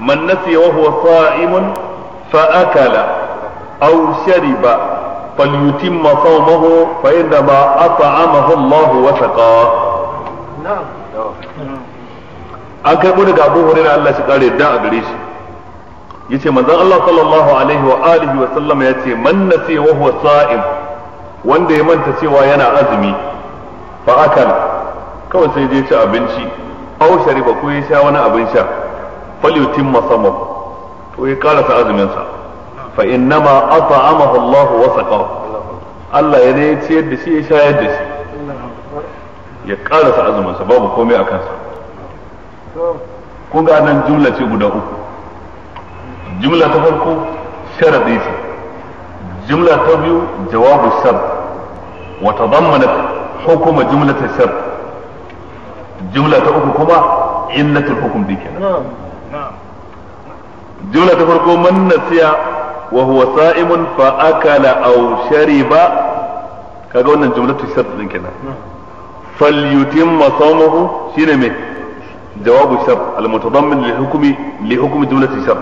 man nasiya wa huwa sa'imun fa akala aw shariba falyutimma sawmahu fa inna ma at'amahu Allah wa saqa an karɓo daga Abu na Allah shi kare da a gare shi ce manzan Allah sallallahu alaihi wa alihi wa sallama ya ce man nasiya wa huwa sa'im wanda ya manta cewa yana azumi fa akala kawai sai je ci abinci aw shariba ko ya sha wani abin sha falyutim masamam to ya karasa azumin sa fa innama at'amahu Allah wa saqahu Allah ya ne ciyar da shi ya shayar da shi ya karasa azumin sa babu komai a kansa kun ga nan jumla ce guda uku jumla ta farko sharadi ce ta biyu jawabu hukuma ta uku kuma illatul hukm dikenan jumla ta farko man nasiya wa huwa sa'imun fa akala aw shariba kaga wannan jumlatu shart din kenan falyutimma sawmuhu shine me jawabu shart almutadammin li hukmi li hukmi jumlati shart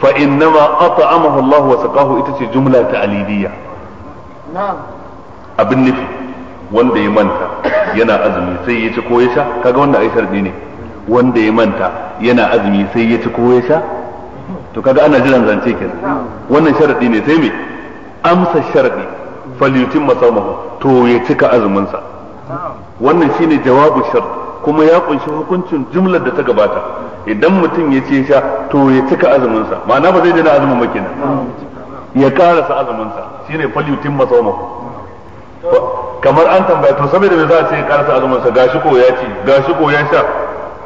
fa innama ita ce jumla ta'lidiyya na'am abin nufi wanda ya manta yana azumi sai ya ci ko ya sha kaga wannan ai sharɗi ne wanda ya manta yana azumi sai ya ci ko ya sha to kaga ana jiran zance kenan wannan sharadi ne sai me amsa sharadi falyutim masamahu to ya cika azumin sa wannan shine jawabu shar kuma ya kunshi hukuncin jumlar da ta gabata idan mutum ya ce sha to ya cika azumin sa ma'ana ba zai dena azumin ba nan ya karasa azumin sa shine falyutim masamahu kamar an tambaya to saboda me za a ce ya karasa azumin sa gashi ko ya ci gashi ko ya sha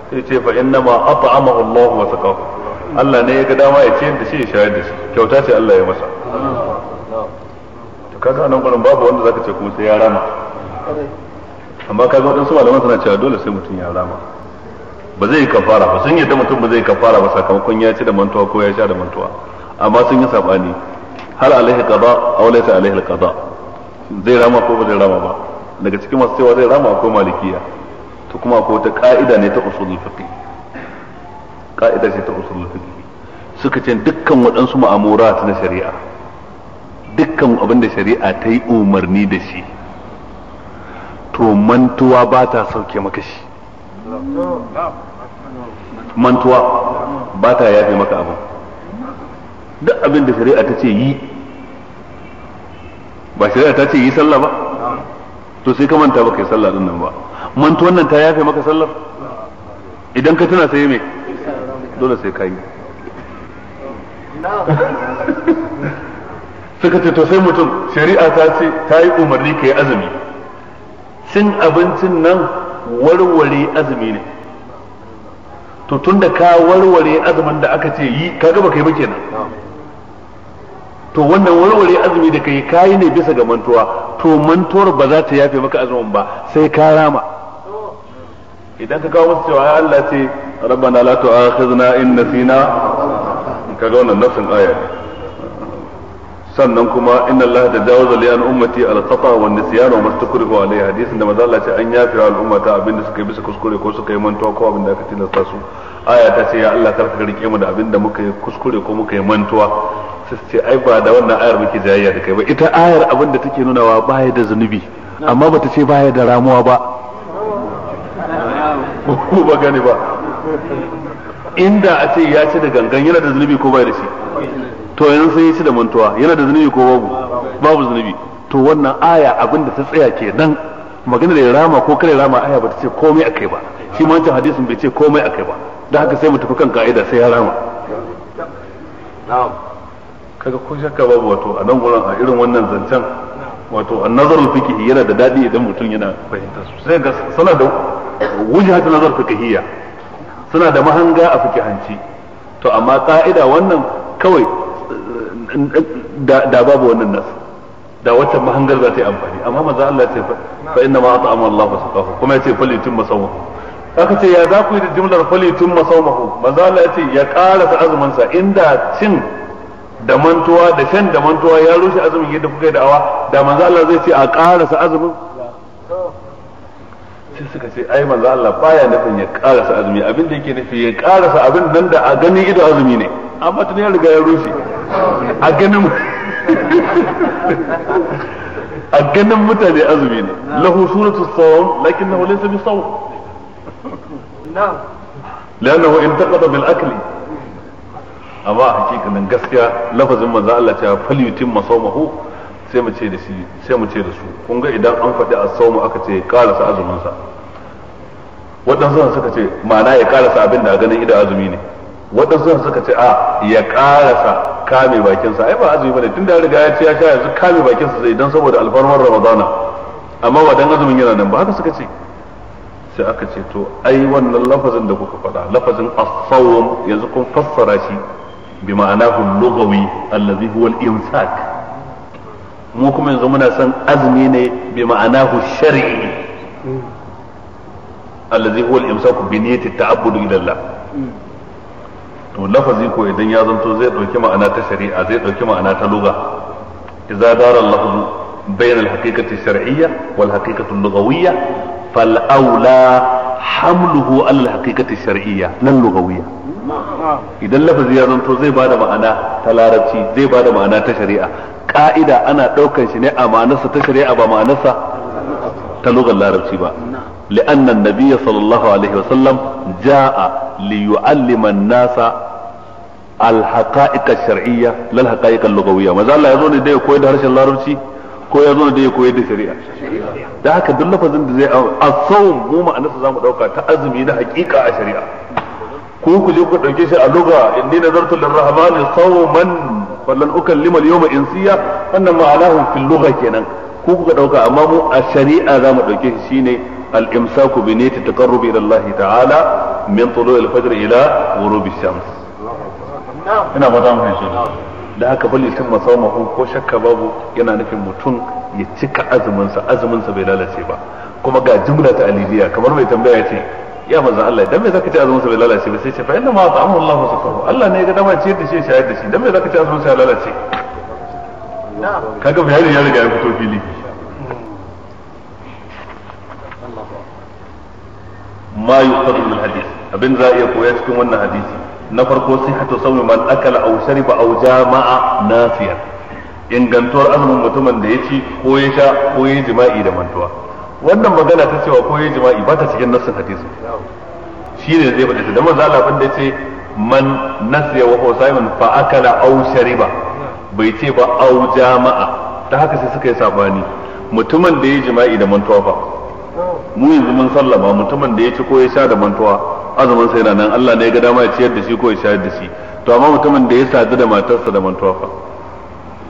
sai ce fa innama at'amahu Allahu wa sakahu Allah ne ya ga dama ya ciyar da shi ya shayar da shi kyauta ce Allah ya masa to kaga nan gurin babu wanda zaka ce kuma sai ya rama amma kaga waɗansu malaman suna cewa dole sai mutum ya rama ba zai kafara ba sun yadda mutum ba zai kafara ba sakamakon ya ci da mantuwa ko ya sha da mantuwa amma sun yi sabani hal alaihi qada aw laysa alaihi qada zai rama ko ba zai rama ba daga cikin masu cewa zai rama ko malikiya to kuma akwai wata ka'ida ne ta usulul fiqh ka'ida shi ta usulul fiqh suka ce dukkan waɗansu ma'amurat na shari'a dukkan abin da shari'a ta yi umarni da shi to mantuwa ba ta sauke maka shi mantuwa ba ta yafe maka abin duk abin da shari'a ta ce yi ba shari'a ta ce yi sallah ba to sai ka manta baka yi sallah din nan ba mantuwan nan ta yafe maka sallar idan ka tuna sai me dole sai ka yi suka ce to sai mutum shari'a ta ce ta yi umarni ka yi azumi cin abincin nan warware azumi ne to tun da ka warware azumin da aka ce yi ka gaba kai ba kenan to wannan warware azumi da kai kayi ne bisa ga mantuwa to mantuwar ba za ta yafe maka azumin ba sai ka rama idan ka kawo musu cewa ya Allah ce rabbana la tu'akhidna in nasina ga wannan nafsin aya sannan kuma inna Allah tajawaza li an ummati al-khata wa nisyan wa mastakrihu alai hadisin da manzo Allah ce an yafi wa al-ummata abinda suka yi bisa kuskure ko suka yi mantuwa ko abinda aka tilasta su aya ta ce ya Allah karka rike mu da abinda muka yi kuskure ko muka yi mantuwa sai ce ai ba da wannan ayar muke jayayya da kai ba ita ayar abinda take nunawa baya da zunubi amma bata ce baya da ramuwa ba ko ba gane ba inda a ce ya ci da gangan yana da zunubi ko bai da shi to yanzu sai ya ci da mantuwa yana da zunubi ko babu babu zunubi to wannan aya abin da ta tsaya ke nan maganar ya rama ko kare rama aya ba ta ce komai a kai ba shi ma wancan hadisin bai ce komai a kai ba da haka sai mu tafi kan ka'ida sai ya rama kaga ko shakka babu wato a nan gurin a irin wannan zancen wato nazarin fikihi yana da dadi idan mutum yana fahimta sosai ga sana da wujhatu nazar fiqhiyya suna da mahanga a fiqhanci to amma ka'ida wannan kawai da babu wannan nas da wata mahangar za ta yi amfani amma maza Allah ce fa inna ma at'ama Allah wa kuma kuma yace fali tun masawmahu aka ce ya za ku yi da jumlar fali tun masawmahu maza Allah yace ya ƙara ta azumin sa inda cin da mantuwa da shan da mantuwa ya rushe azumin yadda kuka yi da'awa da manzo Allah zai ce a ƙara sa azumin sai suka ce ai manzo Allah baya nufin ya karasa azumi abin da yake nufi ya karasa abin nan da a ganin ido azumi ne amma tun ya riga ya rushe a ganin a ganin mutane azumi ne lahu suratu sawm lakinnahu laysa bi sawm na'am lanahu intaqada bil akli amma hakikanin gaskiya lafazin manzo Allah cewa falyutimma sawmahu sai mu ce da shi sai mu ce da su kun ga idan an faɗi as-sawm aka ce karasa azumin sa waɗansu suka ce ma'ana ya karasa abin da a ganin idan azumi ne waɗansu suka ce a ya karasa kame bakinsa ai ba azumi bane tunda da riga ya ce ya sha yanzu kame bakinsa sai idan saboda alfarmar ramadana amma ba dan azumin yana nan ba haka suka ce sai aka ce to ai wannan lafazin da kuka faɗa lafazin as-sawm yanzu kun fassara shi bi ma'anahu lugawi allazi huwa al-imsak mu kuma yanzu muna son azumi ne bi ma'anahu shar'i allazi huwa al-imsaku bi niyyati ta'abbudu ila Allah to lafazi ko idan ya zanto zai dauki ma'ana ta shari'a zai dauki ma'ana ta lugha idza dara al-lafzu bayna al-haqiqati ash-shar'iyya wal haqiqati al-lughawiyya fal aula hamluhu ala al-haqiqati ash-shar'iyya lan lughawiyya idan lafazi ya zanto zai bada ma'ana ta larabci zai bada ma'ana ta shari'a ka'ida ana ɗaukan shi ne a ma'anarsa ta shari'a ba ma'anarsa ta lugar larabci ba لأن النبي صلى الله عليه وسلم جاء ليعلم الناس الحقائق الشرعية لا الحقائق اللغوية ما زال يظن ده يكوي ده هرش اللاربشي ko ya zo da koyar da shari'a da haka duk lafazin da zai a tsawon mu ma'anarsa za mu ɗauka ta azumi na hakika a shari'a ku ku je ku ɗauke shi a luga inni nazartu lirrahmani sawman falan ukallima al-yawma insiya wannan ma'anahu fil lugha kenan ku kuka ɗauka, amma mu a shari'a zamu ɗauke shi shine al-imsaku bi niyyati taqarrubi ila Allah ta'ala min tulu' al-fajr ila ghurub ash-shams ina fata mun shi da haka bal yutim masawmahu ko shakka babu yana nufin mutum ya cika azumin sa azumin sa bai lalace ba kuma ga jumla ta alidiya kamar mai tambaya ya ce ya manzo Allah dan me zaka ce azumin sa bai lalace ba sai ce fa inna ma ta'amahu Allah wa sakahu Allah ne ya ga dama ce, da shi shayar da shi dan me zaka ce azumin sa ya lalace kaga bayanin ya riga ya fito fili ma yuqadu min hadith abin za iya koya cikin wannan hadisi na farko sai sihhatu sawmi man akala aw shariba aw jama'a nafiyan ingantuwar azumin mutumin da ya ci ko ya sha ko ya jima'i da mantuwa wannan magana ta cewa ko jima'i ba ta cikin nassin hadisi shi ne zai faɗi da manzo Allah abin da ce man nasi wa husayman fa akala aw shariba bai ce ba aw jama'a ta haka sai suka yi sabani mutumin da ya jima'i da mantuwa fa mu yanzu mun sallama mutumin da ya ci ko ya sha da mantuwa azumin sai nan Allah ne ya ga dama ya ciyar da shi ko ya sha da shi to amma mutumin da ya sadu da matarsa da mantuwa fa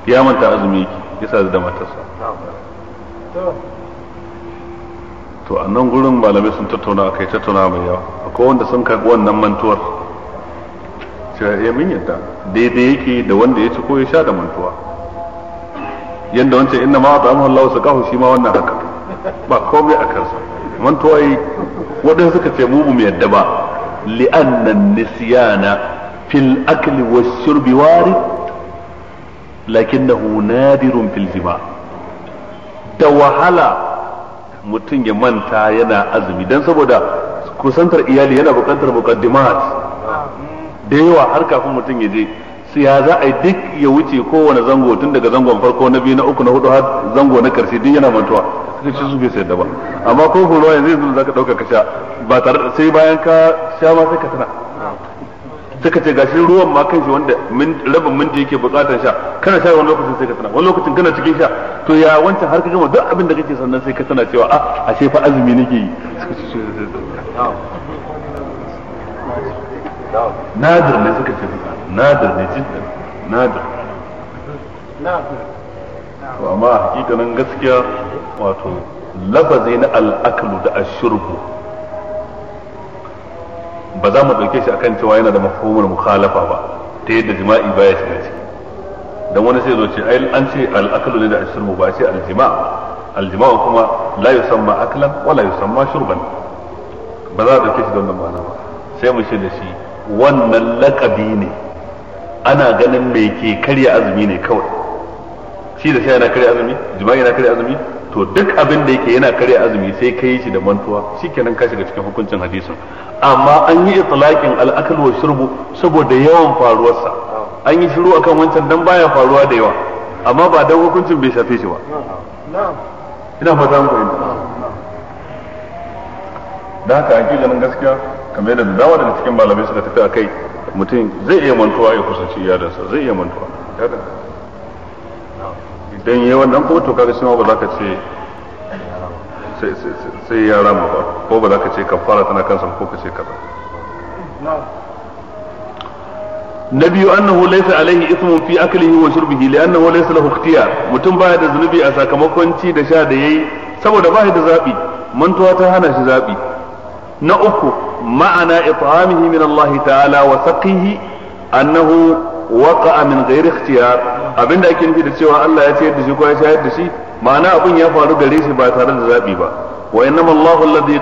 ya manta azumi ya sadu da matarsa to a nan gurin malamai sun tattauna kai tattauna mai yawa akwai wanda sun karɓi wannan mantuwar cewa ya eh, min yadda daidai yake da wanda ya ci ko ya sha da mantuwa yadda wancan inna ma ta amma Allah kahu shi ma wannan haka ba komai a kansa mantuwa yi wadanda suka ce mu mu yadda ba li'anna nisyana fil akli wash-shurbi warid lakinnahu nadirun fil jima' da wahala mutum ya manta yana azumi don saboda kusantar iyali yana bukantar muqaddimat da yawa har kafin mutum ya je su ya za a yi duk ya wuce kowane zango tun daga zangon farko na biyu na uku na hudu har zango na karshe duk yana mantuwa suka ci su bai sayar da ba amma ko horo yanzu yanzu za ka ɗauka ka sha ba tare sai bayan ka sha ma sai ka tana suka ce gashi ruwan ma kan shi wanda rabin minti yake bukatar sha kana sha wani lokacin sai ka tana wani lokacin kana cikin sha to ya wancan har ka gama duk abin da kake sannan sai ka tana cewa a ah, ashe fa azumi nake yi nadir ne suka ce nadir ne jiddan nadir to amma hakika hakikanin gaskiya wato lafazi na al'aklu da ashurbu ba za mu ɗauke shi akan cewa yana da mafhumar mukhalafa ba ta yadda jima'i baya shiga ciki dan wani sai zo ce ai an ce al-aklu ne da ashirmu ba ce al-jima al-jima kuma la yusamma aklan wa la yusamma shurban ba za ka dauke shi wannan ma'ana ba sai mu shi da shi wannan lakabi ne ana ganin me ke karya azumi ne kawai shi da shi yana karya azumi jima'i yana karya azumi to duk abin da yake yana karya azumi sai ka yi shi da mantuwa shikenan ka shiga cikin hukuncin hadisin amma an yi itlaqin al-aklu wa shurbu saboda yawan faruwarsa an yi shiru akan wancan dan baya faruwa da yawa amma ba dan hukuncin bai shafe shi ba ina fata mu fahimta da haka an nan gaskiya kamar yadda da dama daga cikin malamai suka tafi a kai mutum zai iya mantuwa ya kusanci iyadansa zai iya mantuwa idan yi wannan ko to kaga shi ma ba za ka ce sai ya rama ba ko ba za ka ce kafara tana kansa ko ka ce kaza na biyu annahu laysa alaihi ismun fi aklihi wa shurbihi li'annahu laysa lahu ikhtiyar mutum baya da zunubi a sakamakon ci da sha da yayi saboda baya da zabi mantuwa ta hana shi zabi na uku ma'ana it'amihi min Allah ta'ala wa saqihi annahu waqa'a min ghairi abinda ake nufi da cewa Allah ya ciyar da shi ko ya shayar da shi ma'ana abin ya faru gare shi ba tare da zabi ba wa innama Allahu alladhi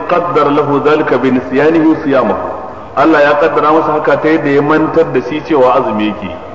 lahu zalika bi nisyanihi siyamahu Allah ya kaddara masa haka ta yadda ya mantar da shi cewa azumi yake